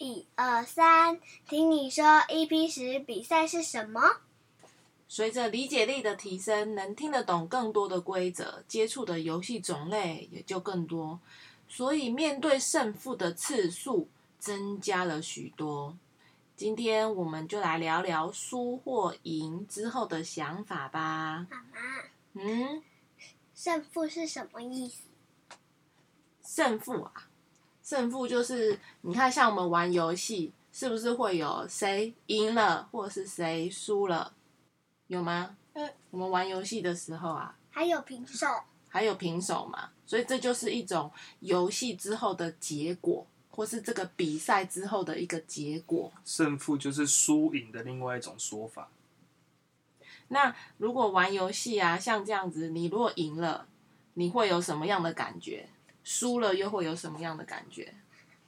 一二三，聽你說，EP10 比賽是什麼？隨着理解力的提升，能聽得懂更多的規則，接觸的遊戲種類也就更多。所以面對勝負的次數增加了許多。今天我們就來聊聊輸或贏之後的想法吧。嗯？勝負是什麼意思？勝負啊？勝負就是你看，像我們玩遊戲，是不是會有誰贏了，或者是誰輸了？有嗎？嗯。我們玩遊戲的時候啊。還有平手。還有平手嘛？所以這就是一種遊戲之後的結果，或是這個比賽之後的一個結果。勝負就是輸贏的另外一種說法。那如果玩遊戲啊，像這樣子，你如果贏了，你會有什麼樣的感覺？輸了又會有什麼樣的感覺？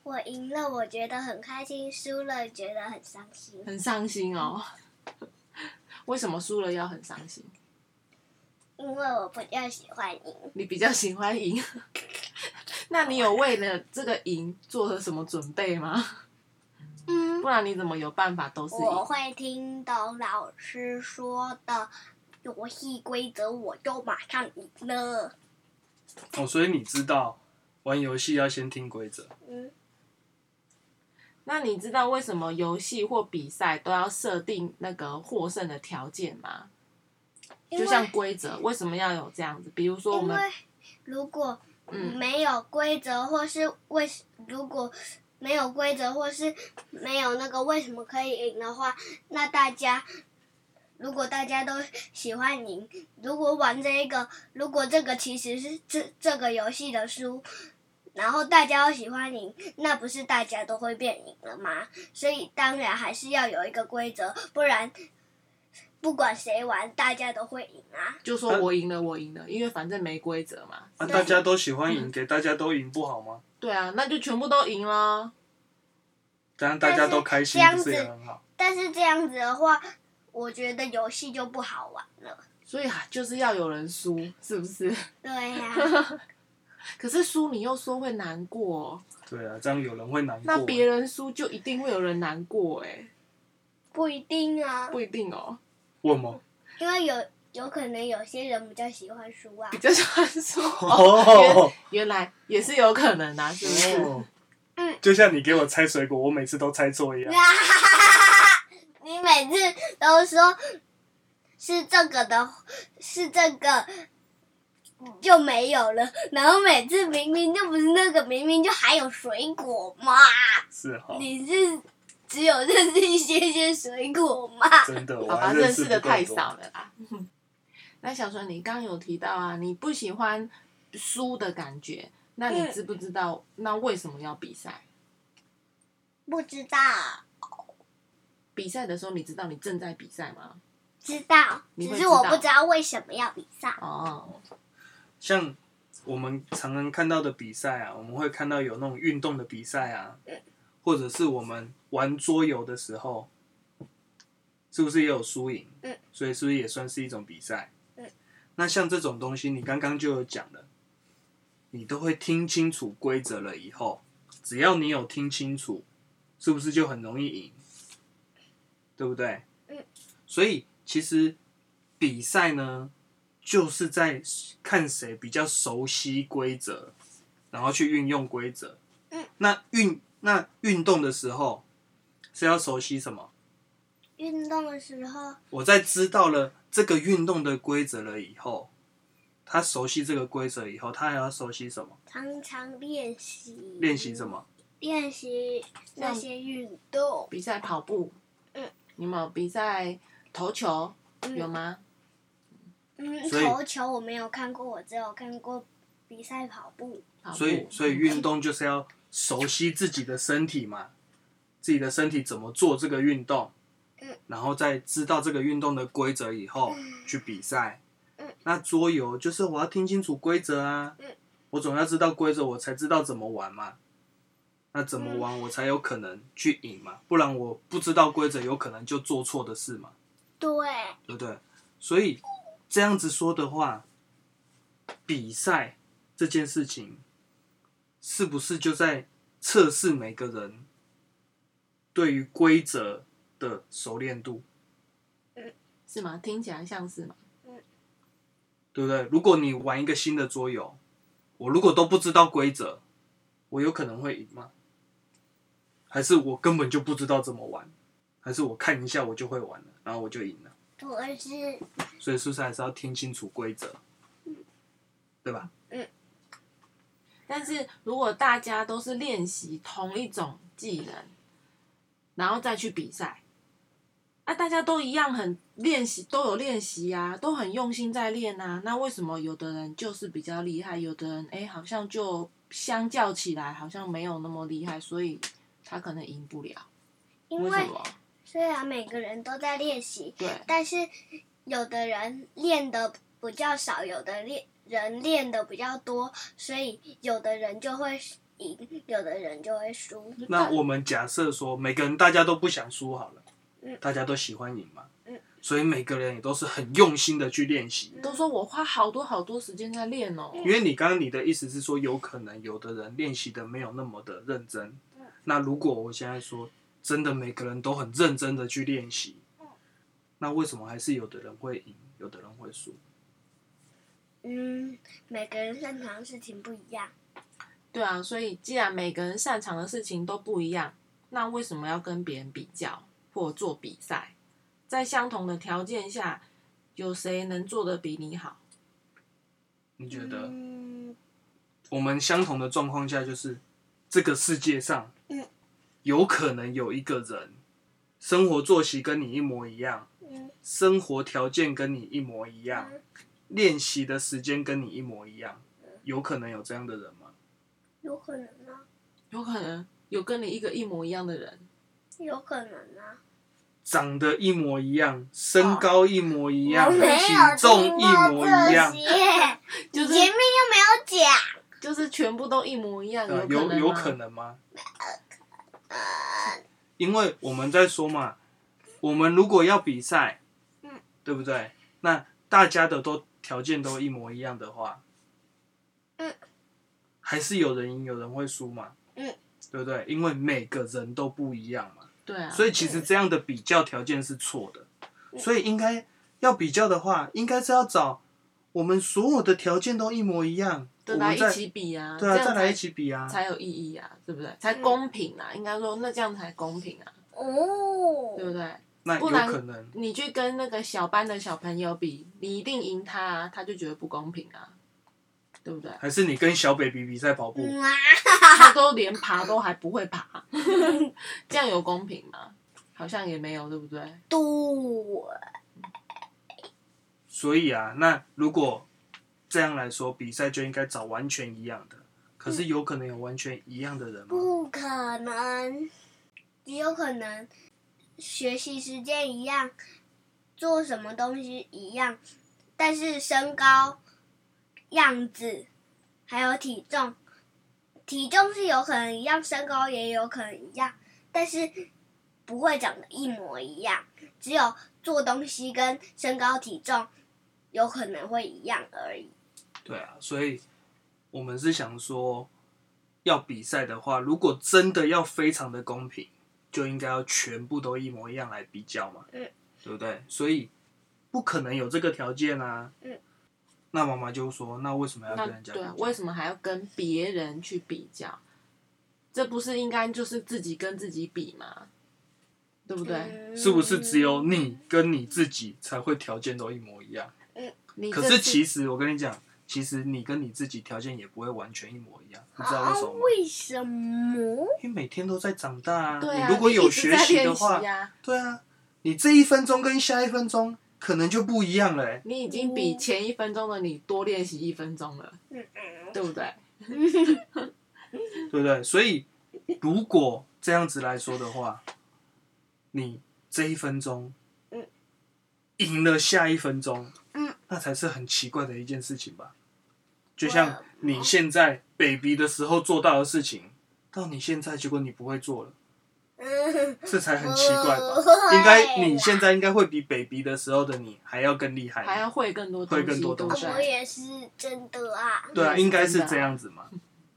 我贏了，我覺得很開心；輸了，覺得很傷心。很傷心哦、嗯。為什麼輸了要很傷心？因為我比較喜歡贏。你比較喜歡贏？ 那你有為了這個贏做了什麼準備嗎？嗯。不然你怎麼有辦法都是贏？我會聽懂老師說的遊戲規則，我就馬上贏了。哦，所以你知道。玩遊戲要先聽規則。嗯，那你知道為什麼遊戲或比賽都要設定那個獲勝的條件嗎？就像規則，為什麼要有這樣子？比如說我們，如果嗯沒有規則，或是為如果沒有規則、嗯、或，或是沒有那個為什麼可以贏的話，那大家如果大家都喜歡贏，如果玩這一個，如果這個其實是這這個遊戲的輸。然後大家要喜歡贏，那不是大家都會變贏了嗎？所以當然還是要有一個規則，不然不管誰玩，大家都會贏啊、啊。就說我贏了，我贏了，因為反正沒規則嘛。啊！大家都喜歡贏，給大家都贏不好嗎、嗯？對啊，那就全部都贏了，這樣大家都開心，這不是也很好？但是這樣子的話，我覺得遊戲就不好玩了。所以、啊、就是要有人輸，是不是？對呀、啊。 可是輸，你又說會難過、喔。對啊，這樣有人會難過、欸。那別人輸就一定會有人難過哎、欸？不一定啊。不一定哦、喔。為什麼？因為有有可能有些人比較喜歡輸啊。比較喜歡輸哦、oh, oh.，原來也是有可能啊。哦、oh.。是不是？嗯、oh. 。就像你給我猜水果，我每次都猜錯一樣。 你每次都說，是這個的，是這個。就沒有了。然後每次明明就不是那個，明明就還有水果嘛。是。你是只有認識一些些水果嗎？真的。我、啊、認識的太少了啦。嗯、那小春，你剛有提到啊，你不喜歡輸的感覺。那你知不知道，嗯、那為什麼要比賽？不知道。比賽的時候，你知道你正在比賽嗎？知道，知道。只是我不知道為什麼要比賽。哦。像我們常常看到的比賽啊，我們會看到有那種運動的比賽啊，或者是我們玩桌遊的時候，是不是也有輸贏？所以是不是也算是一種比賽？那像這種東西，你剛剛就有講了，你都會聽清楚規則了以後，只要你有聽清楚，是不是就很容易贏？對不對？所以其實比賽呢。就是在看誰比較熟悉規則，然後去運用規則。嗯，那運那運動的時候是要熟悉什麼？運動的時候，我在知道了這個運動的規則了以後，他熟悉這個規則以後，他還要熟悉什麼？常常練習。練習什麼？練習那些運動。比賽跑步。嗯。你有沒有比賽投球，嗯？有嗎？嗯嗯，投球，我沒有看過，我只有看過比賽跑、跑步。所以，所以運動就是要熟悉自己的身體嘛， 自己的身體怎麼做這個運動，嗯，然後再知道這個運動的規則以後，嗯、去比賽、嗯。那桌遊就是我要聽清楚規則啊、嗯，我總要知道規則，我才知道怎麼玩嘛。那怎麼玩我才有可能去贏嘛，不然我不知道規則，有可能就做錯的事嘛。對，對對，所以。這樣子說的話，比賽這件事情是不是就在測試每個人對於規則的熟練度？是嗎？聽起來像是嗎？對不對？如果你玩一個新的桌遊，我如果都不知道規則，我有可能會贏嗎？還是我根本就不知道怎麼玩？還是我看一下我就會玩了，然後我就贏了？是所以，是不是還是要聽清楚規則，對吧、嗯？但是如果大家都是練習同一種技能，然後再去比賽，啊、大家都一樣很練習，都有練習啊，都很用心在練啊，那為什麼有的人就是比較厲害，有的人哎、欸，好像就相較起來好像沒有那麼厲害，所以他可能贏不了。因為，為雖然每個人都在練習，但是有的人練的比較少，有的練人練的比較多，所以有的人就會贏，有的人就會輸。那我們假設說，每個人大家都不想輸好了、嗯，大家都喜歡贏嘛、嗯，所以每個人也都是很用心的去練習。都說我花好多好多時間在練哦、喔。因為你剛剛你的意思是說，有可能有的人練習的沒有那麼的認真。嗯、那如果我現在說。真的每個人都很認真的去練習，那為什麼還是有的人會贏，有的人會輸？嗯，每個人擅長的事情不一樣。對啊，所以既然每個人擅長的事情都不一樣，那為什麼要跟別人比較或做比賽？在相同的條件下，有誰能做得比你好？嗯、你覺得？我們相同的狀況下，就是這個世界上。有可能有一個人，生活作息跟你一模一樣，嗯、生活條件跟你一模一樣，練、嗯、習的時間跟你一模一樣、嗯，有可能有這樣的人嗎？有可能啊，有可能有跟你一個一模一樣的人，有可能啊。長得一模一樣，身高一模一樣，體、哦、重一模一樣，就 是前面又沒有講、就是，就是全部都一模一樣，的。有有可能嗎？嗯因為我們在說嘛，我們如果要比賽，對不對？那大家的都條件都一模一樣的話，嗯，還是有人贏，有人會輸嘛，嗯，對不對？因為每個人都不一樣嘛，對啊，所以其實這樣的比較條件是錯的，所以應該要比較的話，應該是要找我們所有的條件都一模一樣。跟他一起比一、啊啊、這樣來一起比啊，才有意義啊，對不對？才公平啊，嗯、應該說那這樣才公平啊，哦，對不對？那不可能，不然你去跟那個小班的小朋友比，你一定贏他、啊，他就覺得不公平啊，對不對？還是你跟小北比比賽跑步，他都連爬都還不會爬， 這樣有公平嗎？好像也沒有，對不對？對。所以啊，那如果。這樣來說，比賽就應該找完全一樣的。可是有可能有完全一樣的人嗎？嗯，不可能，也有可能學習時間一樣，做什麼東西一樣，但是身高、樣子還有體重，體重是有可能一樣，身高也有可能一樣，但是不會長得一模一樣。只有做東西跟身高體重有可能會一樣而已。對啊，所以我們是想說，要比賽的話，如果真的要非常的公平，就應該要全部都一模一樣來比較嘛，對不對？所以不可能有這個條件啊。嗯，那媽媽就說：“那為什麼要跟人家比？對啊，為什麼還要跟別人去比較？這不是應該就是自己跟自己比嗎？對不對？是不是只有你跟你自己才會條件都一模一樣？是，可是其實我跟你講。”其實你跟你自己條件也不會完全一模一樣，你知道為什麼嗎、啊？為什麼？因為每天都在長大啊！對啊，你如果有學習的話習、啊，對啊，你這一分鐘跟下一分鐘可能就不一樣了、欸。你已經比前一分鐘的你多練習一分鐘了、嗯，對不對？ 對不對？所以如果這樣子來說的話，你這一分鐘贏、嗯、了下一分鐘。嗯那才是很奇怪的一件事情吧？就像你現在 baby 的時候做到的事情，到你現在結果你不會做了，嗯、這才很奇怪吧？應該你現在應該會比 baby 的時候的你還要更厲害，還要會更多東西，會更多東西，我不也是真的啊，我也是真的啊，對啊，應該是這樣子嘛，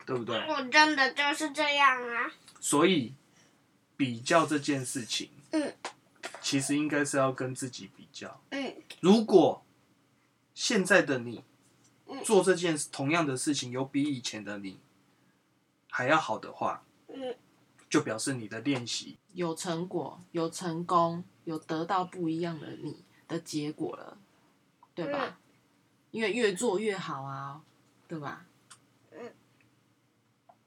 對不對？我真的就是這樣啊。所以比較這件事情，嗯，其實應該是要跟自己比較，嗯，如果。現在的你做這件同樣的事情，有比以前的你還要好的話，就表示你的練習有成果、有成功、有得到不一樣的你的結果了，對吧？因為越做越好啊哦，對吧？嗯。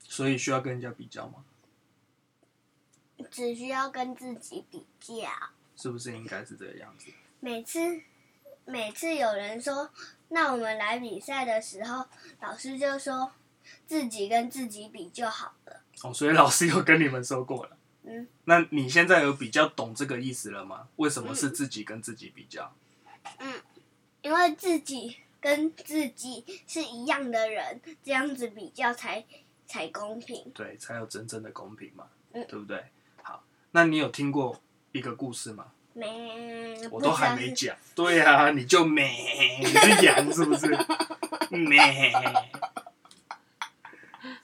所以需要跟人家比較嗎？只需要跟自己比較。是不是應該是這個樣子？每次。每次有人說“那我們來比賽的時候”，老師就說“自己跟自己比就好了”。哦，所以老師有跟你們說過了。嗯。那你現在有比較懂這個意思了嗎？為什麼是自己跟自己比較？嗯，嗯，因為自己跟自己是一樣的人，這樣子比較才才公平。對，才有真正的公平嘛，嗯，對不對？好，那你有聽過一個故事嗎？我都還沒講，對啊，你就咩，你是羊是不是？咩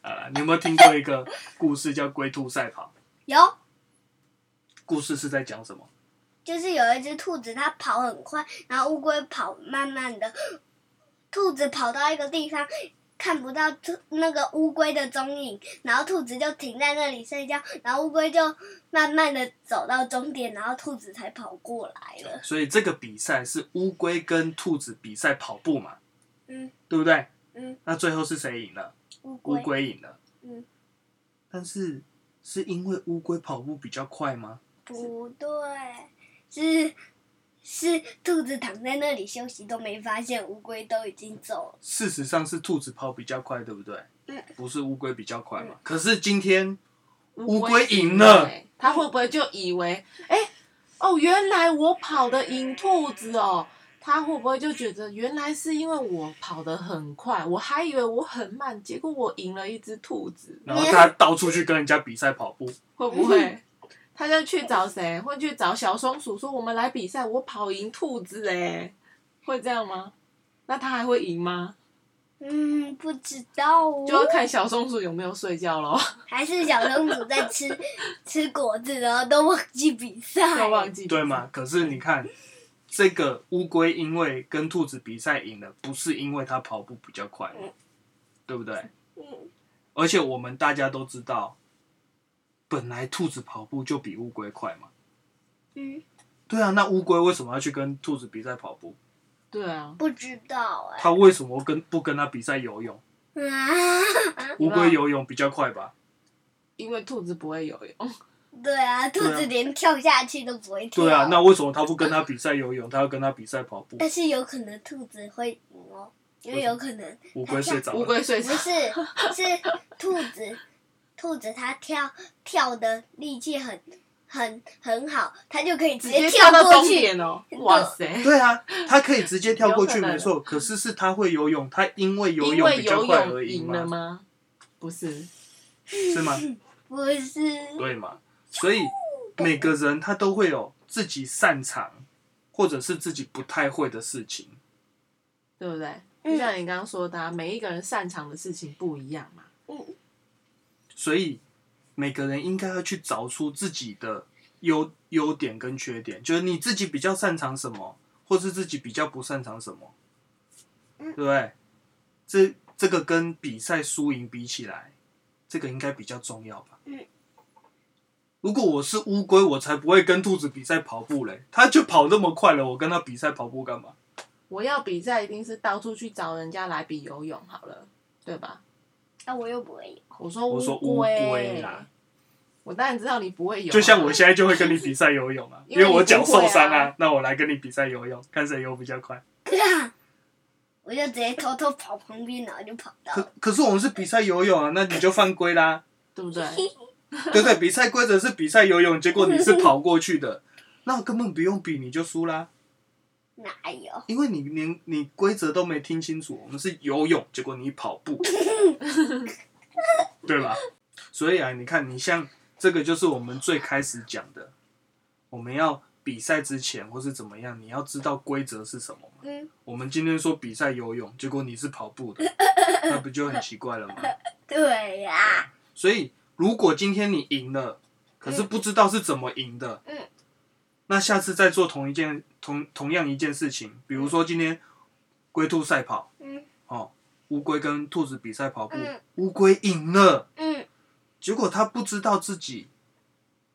？Uh, 你有沒有聽過一個故事叫《龜兔賽跑》？有。故事是在講什麼？就是有一隻兔子，它跑很快，然後烏龜跑慢慢的。兔子跑到一個地方。看不到兔那個烏龜的蹤影，然後兔子就停在那裡睡覺，然後烏龜就慢慢的走到終點，然後兔子才跑過來了。所以這個比賽是烏龜跟兔子比賽跑步嘛？嗯，對不對？嗯，那最後是誰贏了？烏龜贏了。嗯，但是是因為烏龜跑步比較快嗎？不對，是。是兔子躺在那裡休息，都沒發現烏龜都已經走了。事實上是兔子跑比較快，對不對？嗯、不是烏龜比較快嘛，嘛、嗯。可是今天烏龜贏了，他會不會就以為哎、欸？哦，原來我跑得贏兔子哦！他會不會就覺得原來是因為我跑得很快，我還以為我很慢，結果我贏了一隻兔子，然後他到處去跟人家比賽跑步、嗯，會不會？ 他就去找誰？會去找小松鼠說：“我們來比賽，我跑贏兔子。”哎，會這樣嗎？那他還會贏嗎？嗯，不知道哦。就要看小松鼠有沒有睡覺咯。還是小松鼠在吃 吃果子，然後都忘記比賽。都忘記比賽。對嗎？可是你看， 這個烏龜因為跟兔子比賽贏了，不是因為它跑步比較快，對不對？嗯。而且我們大家都知道。本來兔子跑步就比烏龜快嘛，嗯，對啊，那烏龜為什麼要去跟兔子比賽跑步？對啊，不知道哎、欸。他為什麼跟不跟他比賽游泳？啊、烏龜游泳比較快吧？因為兔子不會游泳。對啊，兔子連跳下去都不會跳。對啊，那為什麼他不跟他比賽游泳？他要跟他比賽跑步？但是有可能兔子會贏哦，因為有可能烏龜睡着了。烏龜睡着。不是，是兔子。兔子它跳跳的力氣很很很好，它就可以直接跳到終點哦！哇塞，對啊，它可以直接跳過去，哦 哇塞 啊、過去的沒錯。可是是它會游泳，它因為游泳比較快而贏了嗎？不是，是嗎？ 不是，對嘛？所以每個人他都會有自己擅長，或者是自己不太會的事情，對不對？就像你剛剛說的、啊嗯，每一個人擅長的事情不一樣嘛。嗯所以每個人應該要去找出自己的優優點跟缺點，就是你自己比較擅長什麼，或是自己比較不擅長什麼，嗯、對不對？這這個跟比賽輸贏比起來，這個應該比較重要吧？嗯、如果我是烏龜，我才不會跟兔子比賽跑步嘞，他就跑那麼快了，我跟他比賽跑步幹嘛？我要比賽一定是到處去找人家來比游泳好了，對吧？但我又不會，我說烏龜我不會啦。我當然知道你不會游啊，就像我現在就會跟你比賽游泳啊, 啊，因為我腳受傷啊, 啊。那我來跟你比賽游泳，看誰游比較快。我就直接偷偷跑旁邊，然後就跑到。可可是我們是比賽游泳啊，那你就犯規啦， 對不對？ 對,對對，比賽規則是比賽游泳，結果你是跑過去的， 那我根本不用比，你就輸啦。哪有？因為你連你規則都沒聽清楚，我們是游泳，結果你跑步， 對吧？所以啊，你看，你像這個就是我們最開始講的，我們要比賽之前或是怎麼樣，你要知道規則是什麼？嗯。我們今天說比賽游泳，結果你是跑步的， 那不就很奇怪了嗎？ 對呀、啊。所以，如果今天你贏了，可是不知道是怎麼贏的，嗯嗯那下次再做同一件同同樣一件事情，比如說今天龜兔賽跑，嗯、哦，烏龜跟兔子比賽跑步，嗯、烏龜贏了、嗯，結果他不知道自己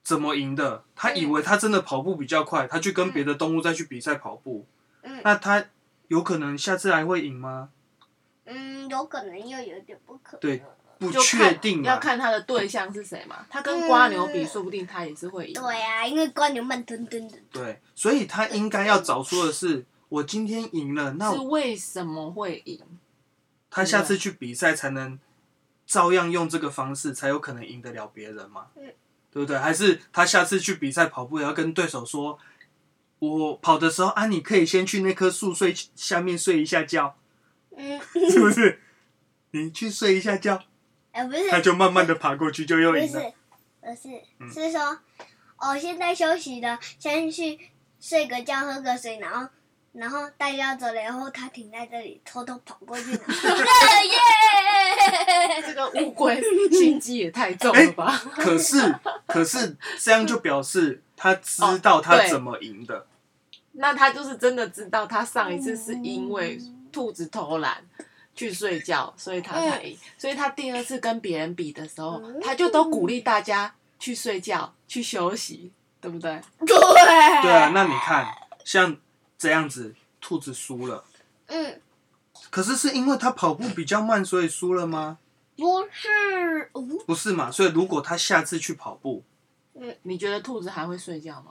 怎麼贏的，他以為他真的跑步比較快，他去跟別的動物再去比賽跑步，嗯、那他有可能下次還會贏嗎？嗯，有可能又有點不可能。對。不確定、啊，要看他的對象是誰嘛？他跟瓜牛比，嗯、說不定他也是會贏。對啊，因為瓜牛慢吞吞的。對，所以他應該要找出的是，嗯、我今天贏了，那我是為什麼會贏？他下次去比賽才能照樣用這個方式，嗯、才有可能贏得了別人嘛？對不對？還是他下次去比賽跑步，也要跟對手說，我跑的時候啊，你可以先去那棵樹睡下面睡一下覺，嗯、 是不是？你去睡一下覺。哎、欸，不是，他就慢慢的爬過去就又，就要贏了。不是，不是，是說，哦，現在休息了，先去睡個覺，喝個水，然後，然後大家走了，然後他停在這裡，偷偷跑過去。耶！ Yeah ! 這個烏龜心機也太重了吧、欸！可是，可是這樣就表示他知道他、哦、他怎麼贏的。那他就是真的知道，他上一次是因為兔子偷懶。嗯去睡覺，所以他才贏。所以他第二次跟別人比的時候，他就都鼓勵大家去睡覺去休息，對不對？對，對啊。那你看，像這樣子，兔子輸了。嗯。可是是因為他跑步比較慢，所以輸了嗎？不是。不是嘛？所以如果他下次去跑步，嗯，你覺得兔子還會睡覺嗎？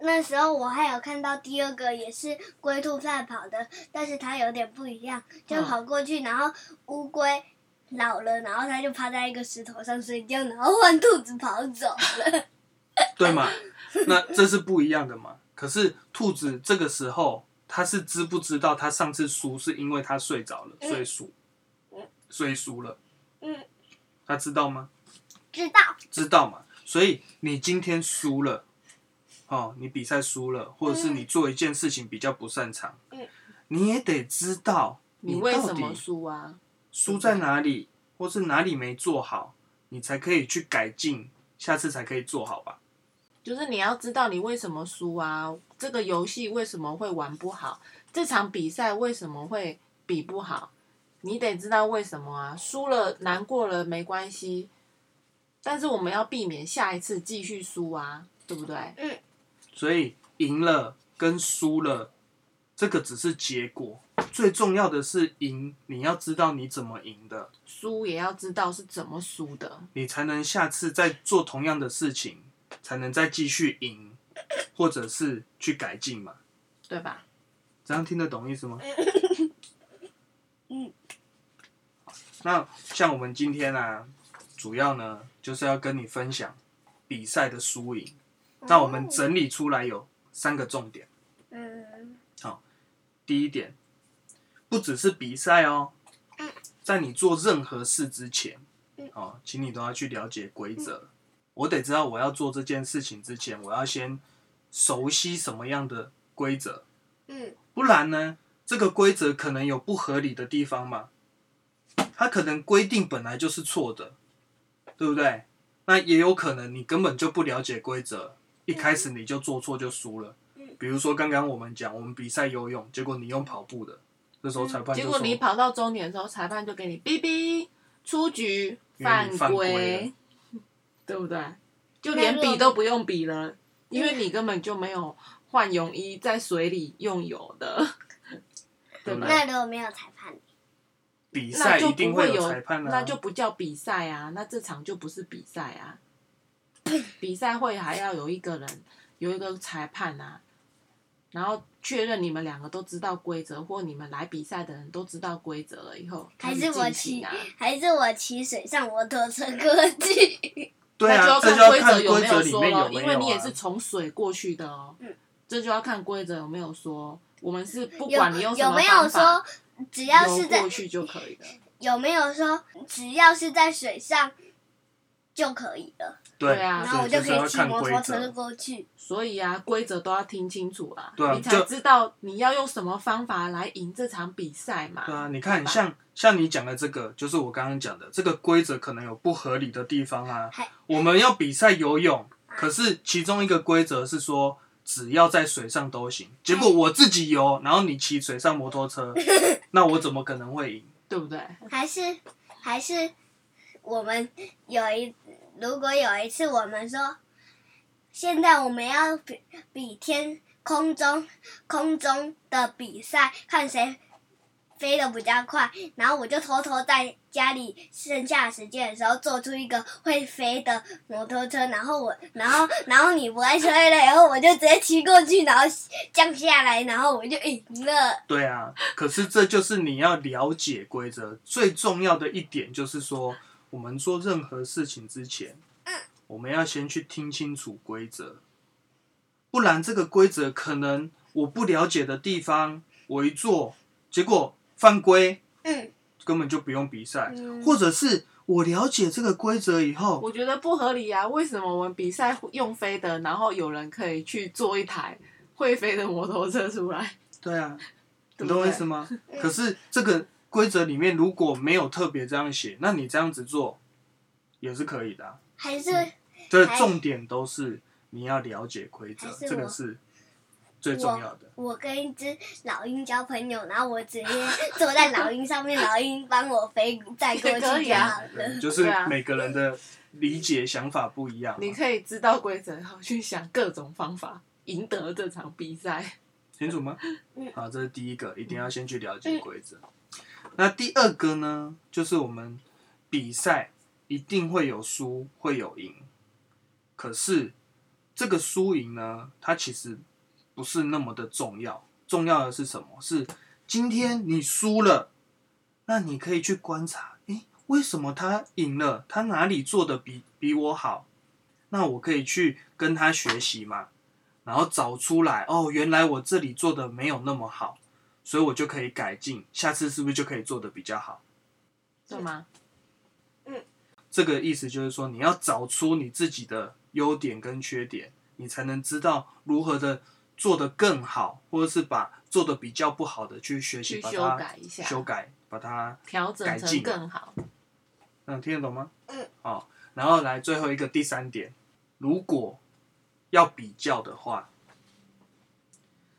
那時候我還有看到第二個也是龜兔賽跑的，但是它有點不一樣，就跑過去，啊、然後烏龜老了，然後它就趴在一個石頭上睡覺，然後換兔子跑走了。對嘛？那這是不一樣的嘛？ 可是兔子這個時候，它是知不知道？它上次輸是因為它睡着了，所以輸、嗯，所以輸了。嗯，它、啊、知道嗎？知道，知道嘛？所以你今天輸了。哦，你比賽輸了，或者是你做一件事情比較不擅長，嗯、你也得知道你為什麼輸啊，輸在哪裡，或是哪裡沒做好，你才可以去改進，下次才可以做好吧。就是你要知道你為什麼輸啊，這個遊戲為什麼會玩不好，這場比賽為什麼會比不好，你得知道為什麼啊。輸了難過了沒關係，但是我們要避免下一次繼續輸啊，對不對？嗯。所以贏了跟輸了，這個只是結果，最重要的是贏，你要知道你怎麼贏的，輸也要知道是怎麼輸的，你才能下次再做同樣的事情，才能再繼續贏，或者是去改進嘛，對吧？這樣聽得懂意思嗎？ 嗯。那像我們今天呢、啊，主要呢就是要跟你分享比賽的輸贏。那我們整理出來有三個重點。嗯。好，第一點，不只是比賽哦，在你做任何事之前，哦，請你都要去了解規則。我得知道我要做這件事情之前，我要先熟悉什麼樣的規則。嗯。不然呢，這個規則可能有不合理的地方嘛，它可能規定本來就是錯的，對不對？那也有可能你根本就不了解規則。一開始你就做錯就輸了。嗯，比如說剛剛我們講我們比賽游泳，結果你用跑步的，那時候裁判，嗯、結果你跑到終點的時候，裁判就給你嗶嗶出局犯規，對不對？就連比都不用比了，因為你根本就沒有換泳衣在水裡用油的。對吧，那如果沒有裁判，比賽一定會有裁判啊，那就不叫比賽啊，那這場就不是比賽啊。 比賽會還要有一個人，有一個裁判啊，然後確認你們兩個都知道規則，或你們來比賽的人都知道規則了以後，還是我騎，還是我騎水上摩托車過去？對啊，這就要看規則有沒有說了，說因為你也是從水過去的哦、喔嗯。這就要看規則有沒有說，我們是不管你用什麼方法有，有，有沒有說，只要是在過去就可以的。有沒有說只要是在水上？就可以了，對啊，然後我就可以騎摩托車過去，就是。所以啊，規則都要聽清楚啊，對啊，你才知道你要用什麼方法來贏這場比賽嘛。對啊，你看，像像你講的這個，就是我剛剛講的這個規則，可能有不合理的地方啊。我們要比賽游泳，可是其中一個規則是說，只要在水上都行。結果我自己游，然後你騎水上摩托車， 那我怎麼可能會贏？對不對？還是還是我們有一。如果有一次我們說，現在我們要比比天空中空中的比賽，看誰飛得比較快。然後我就偷偷在家裡剩下的時間的時候做出一個會飛的摩托車。然後我，然後，然後你不愛吹了，然 後我就直接騎過去，然後降下來，然後我就贏了。對啊，可是這就是你要了解規則最重要的一點，就是說。我們做任何事情之前，嗯、我們要先去聽清楚規則，不然這個規則可能我不了解的地方，我一做結果犯規，嗯，根本就不用比賽，嗯，或者是我了解這個規則以後，我覺得不合理啊！為什麼我們比賽用飛的，然後有人可以去做一台會飛的摩托車出來？對啊，你懂我意思嗎對不對？可是這個。規則裡面如果沒有特別這樣寫，那你這樣子做，也是可以的啊。還是，這、嗯、重點都是你要了解規則，這個是最重要的。我，我跟一隻老鷹交朋友，然後我直接坐在老鷹上面， 老鷹幫我飛，再過去 。就是每個人的理解想法不一樣，你，你可以知道規則，好去想各種方法贏得這場比賽。 清楚嗎？好，這是第一個，一定要先去了解規則。那第二個呢，就是我們比賽一定會有輸，會有贏。可是這個輸贏呢，它其實不是那麼的重要。重要的是什麼？是今天你輸了，那你可以去觀察，誒，為什麼他贏了？他哪裡做的比比我好？那我可以去跟他學習嘛，然後找出來。哦，原來我這裡做的沒有那麼好。所以我就可以改進，下次是不是就可以做的比較好？對嗎？嗯，這個意思就是說，你要找出你自己的優點跟缺點，你才能知道如何的做的更好，或者是把做的比較不好的去學習，把它修改一下，修改，把它調整改進更好。嗯，聽得懂嗎？嗯。哦，然後來最後一個第三點，如果要比較的話。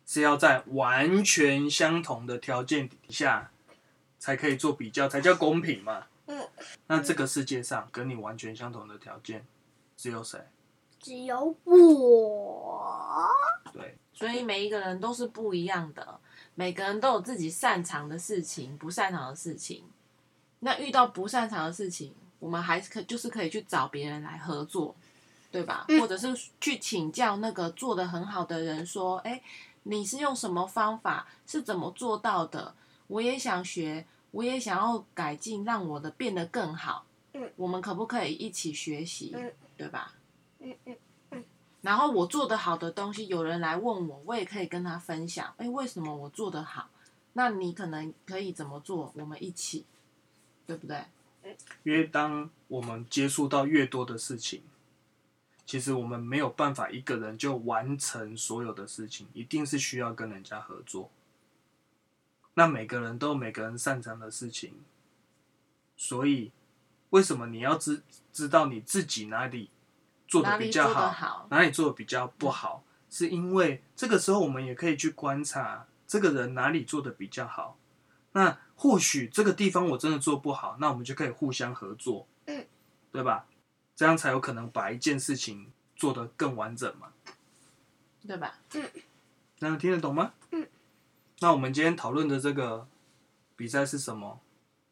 是要在完全相同的條件底下才可以做比較，才叫公平嘛？嗯，嗯，那這個世界上跟你完全相同的條件，只有誰？只有我。對，所以每一個人都是不一樣的，每個人都有自己擅長的事情，不擅長的事情。那遇到不擅長的事情，我們還可就是可以去找別人來合作，對吧、嗯？或者是去請教那個做得很好的人，說，哎、欸。你是用什麼方法？是怎麼做到的？我也想學，我也想要改進，讓我的變得更好。我們可不可以一起學習？對吧？然後我做得好的東西，有人來問我，我也可以跟他分享。誒、欸，為什麼我做得好？那你可能可以怎麼做？我們一起，對不對？因為當我們接觸到越多的事情。其實我們沒有辦法一個人就完成所有的事情，一定是需要跟人家合作。那每個人都有每個人擅長的事情，所以為什麼你要知知道你自己哪裡做的比較好，哪裡做的比較不好，嗯。是因為這個時候我們也可以去觀察這個人哪裡做的比較好。那或許這個地方我真的做不好，那我們就可以互相合作，嗯，對吧？這樣才有可能把一件事情做得更完整嘛，對吧？嗯，能聽得懂嗎？嗯，那我們今天討論的這個比賽是什麼？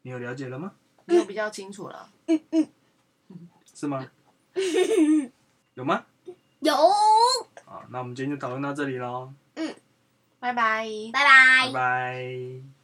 你有了解了嗎？我比較清楚了。嗯嗯，是嗎？嗯、 有嗎？有。好，那我們今天就討論到這裡嘍。嗯，拜拜，拜拜，拜拜。